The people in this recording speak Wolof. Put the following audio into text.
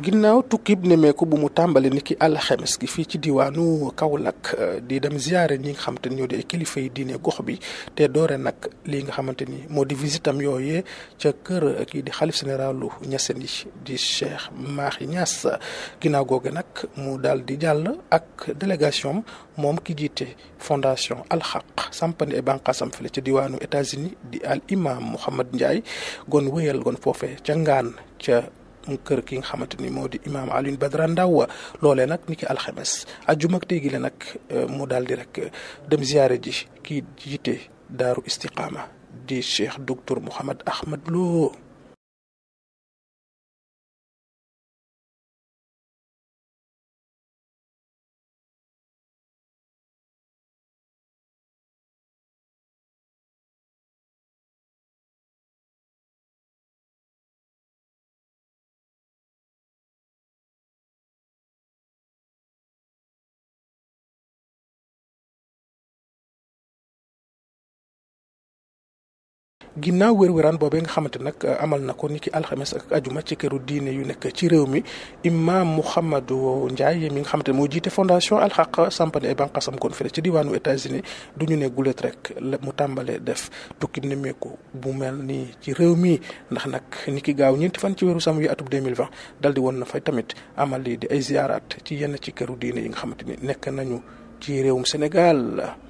ginnaaw tukkib nemeeku bu mu tàmbali ni ki alxames gi fii ci diwaanu kaw Kaolack euh, di dem ziare ñi nga xamante ni ñoo di ay kilifa yi bi te doore nag lii nga xamante ni moo di visitam yooyee ca kër ak euh, kii di xalif généralu Ñaseen yi di Cheikh yi Niass ginnaaw googe nag mu daal di jàll ak délégation moom ki jiite fondation alxaq sampani ay banqaasam fële ca diwaanu États-Unis di al imam Mouhamad Ndiaye gon wéyal gon foofe ca ngaan ca kër ki nga xamante ni moo di imaam Alioune Badara Ndao loolee nag ni ki alxames ajjuma ak tey gi la nag eh, mu daal di rek eh, dem ziare ji kii jiite daaru istiqaama di cheikh docteur Mouhamed Ahmad Lo ginnaaw wér-wéraan boobee nga xamante nag euh, amal na ko ni ki ak ajuma ci këru diine yu nekk ci réew mi imam Mouhamadou Ndiaye mi nga xamante ne moo jiite fondation alxaq sampane ay banqasam kon fële ci diwaanu États-Unis du ñu ne gulet rek mu tàmbalee def tukki nemmeeku bu mel nii ci réew mi ndax nag ni ki gaaw ñeenti fan ci weeru sam wi atub 2020 dal di woon na fay tamit amal lii di ay ziarat ci yenn ci këru diine yi nga xamante ni nekk nañu ci réewum Sénégal